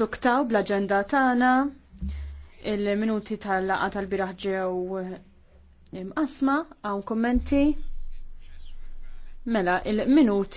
Stuktaw bl-agenda tagħna il-minuti tal-laqa tal-biraħ ġew imqasma hawn kummenti mela il-minuti